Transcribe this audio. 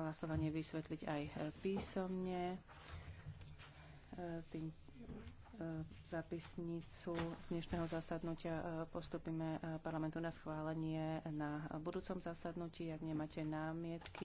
hlasovanie vysvetliť aj e, písomne. E, tým e, zapisnicu z dnešného zasadnutia postupíme parlamentu na schválenie na budúcom zasadnutí, ak nemáte námietky.